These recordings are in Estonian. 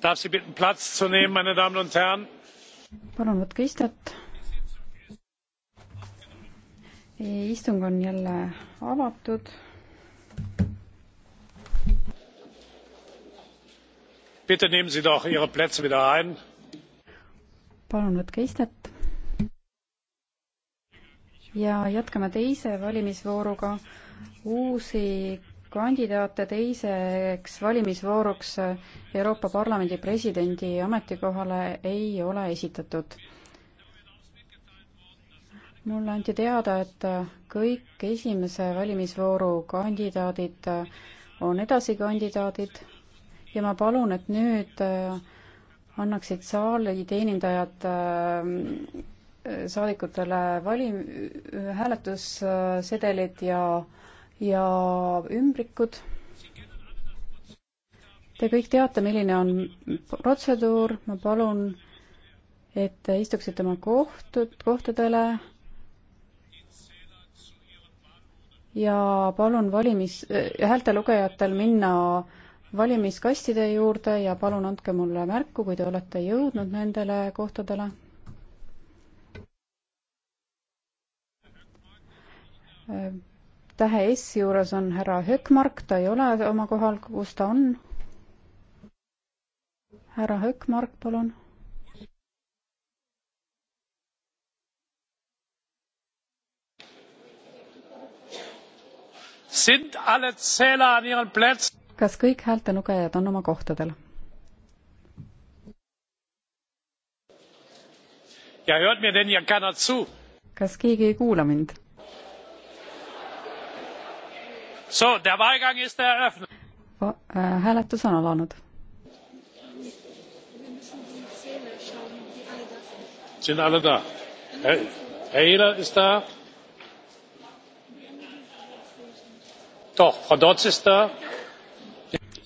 darf sie bitten platz zu nehmen meine damen und herren! palun võtke istet. istung on jälle avatud. bitte nehmen sie doch ihre plätze wieder ein. palun võtke istet. ja jätkame teise valimisvooruga uusi kandidaate teiseks valimisvooruks Euroopa Parlamendi presidendi ametikohale ei ole esitatud. mulle anti teada, et kõik esimese valimisvooru kandidaadid on edasi kandidaadid ja ma palun, et nüüd annaksid saali teenindajad äh, saadikutele vali-, hääletussedelid ja ja ümbrikud. Te kõik teate, milline on protseduur, ma palun, et te istuksite oma kohtud, kohtadele ja palun valimis äh,, häältelugejatel minna valimiskastide juurde ja palun andke mulle märku, kui te olete jõudnud nendele kohtadele äh, tähe S juures on härra Hökmark, ta ei ole oma kohal, kus ta on? härra Hökmark, palun. kas kõik häältelugejad on oma kohtadel? kas keegi ei kuula mind? Äh, hääletus on alanud. sind alle da? Herr Ehler ist da? Doch, Frau Dotz ist da.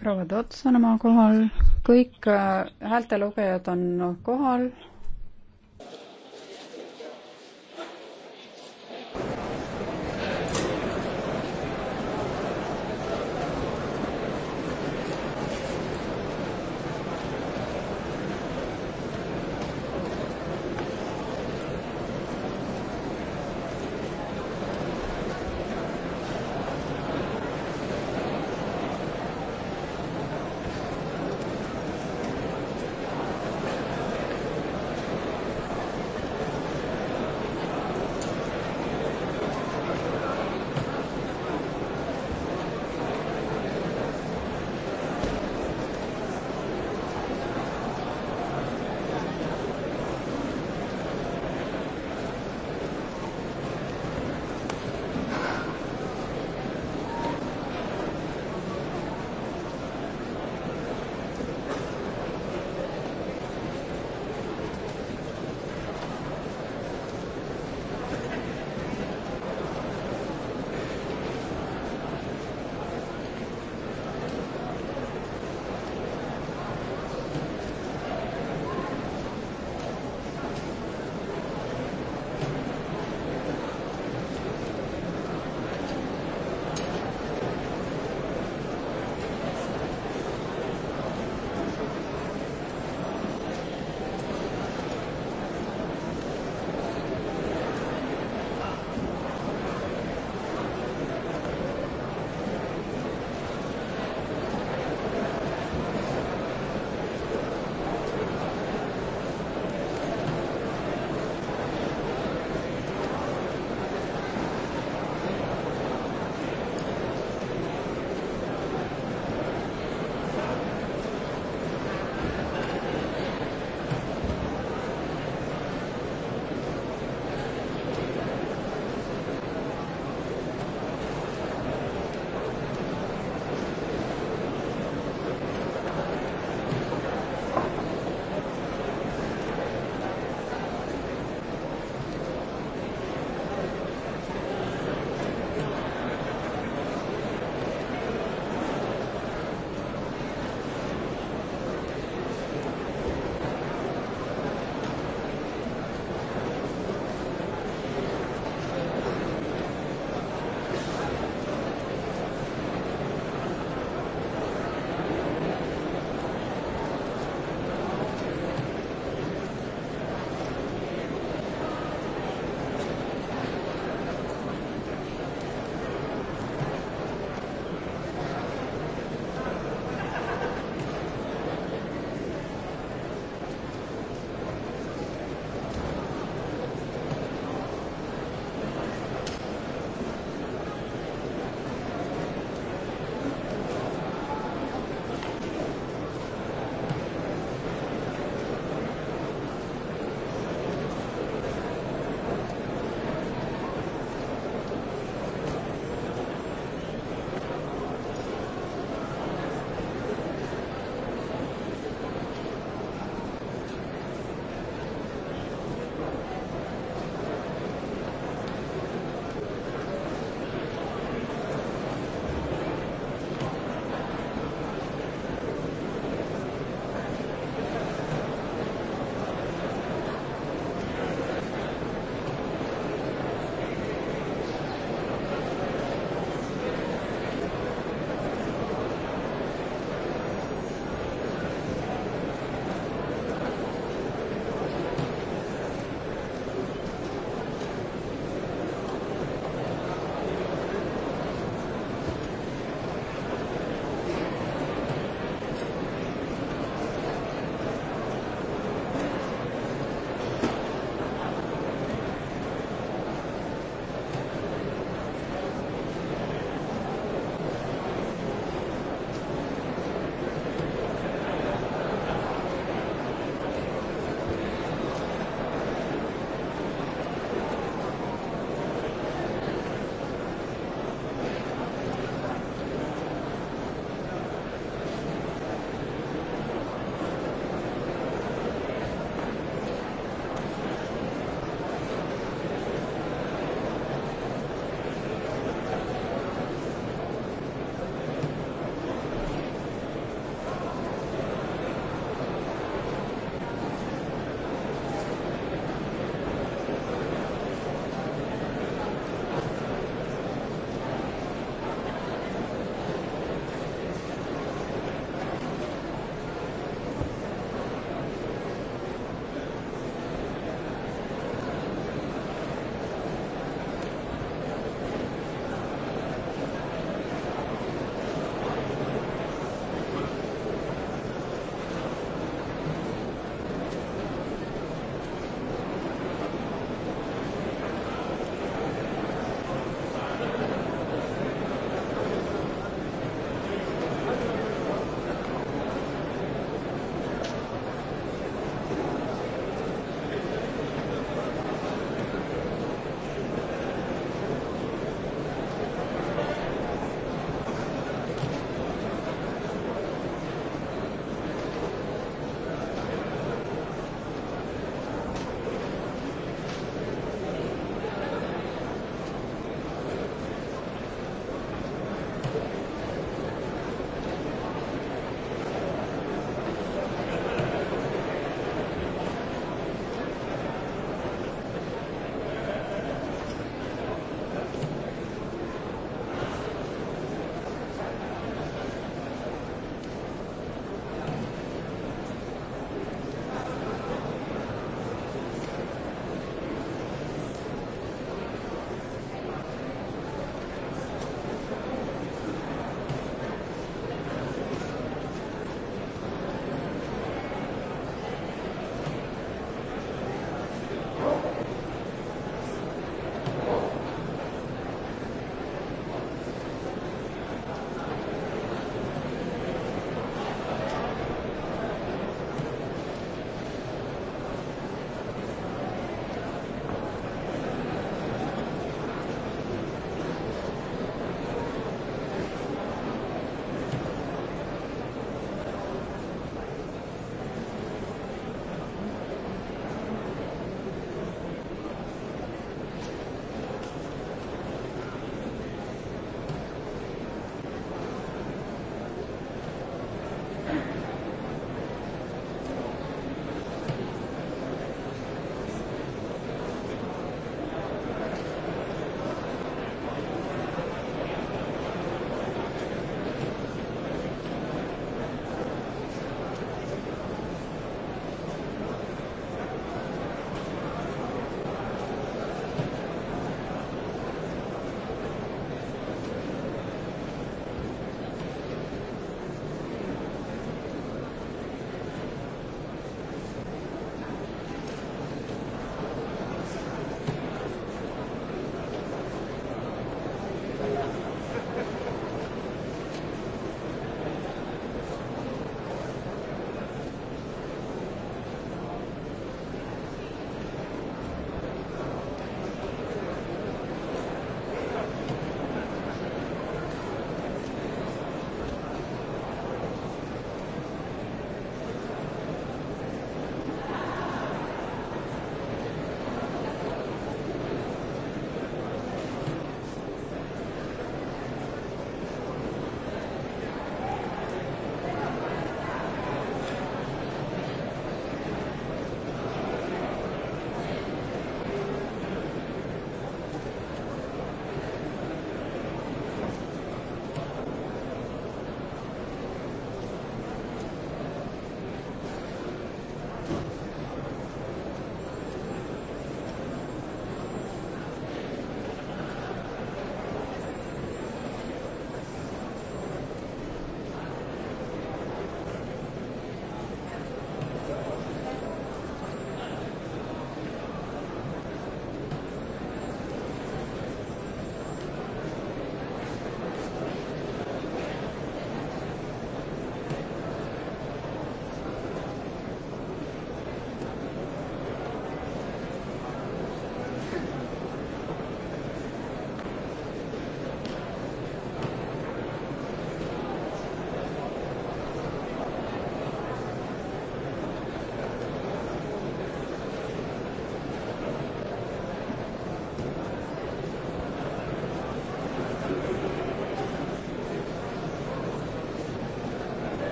proua Tots on oma kohal, kõik äh, häältelugejad on kohal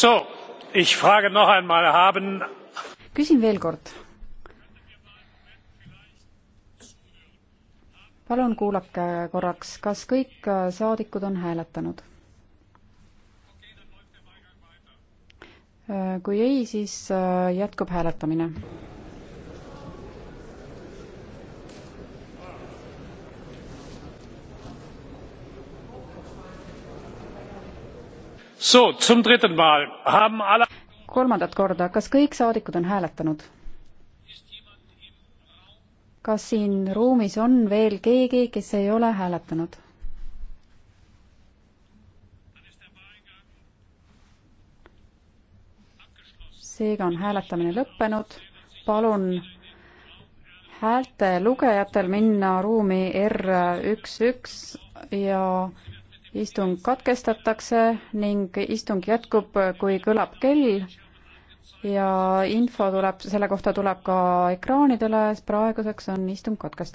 So, ich frage noch einmal, haben... küsin veel kord. palun kuulake korraks, kas kõik äh, saadikud on hääletanud? Äh, kui ei, siis äh, jätkub hääletamine. kolmandat korda, kas kõik saadikud on hääletanud? kas siin ruumis on veel keegi, kes ei ole hääletanud? seega on hääletamine lõppenud. palun häälte lugejatel minna ruumi R üks üks ja istung katkestatakse ning istung jätkub, kui kõlab kell ja info tuleb, selle kohta tuleb ka ekraanidele, praeguseks on istung katkestatud.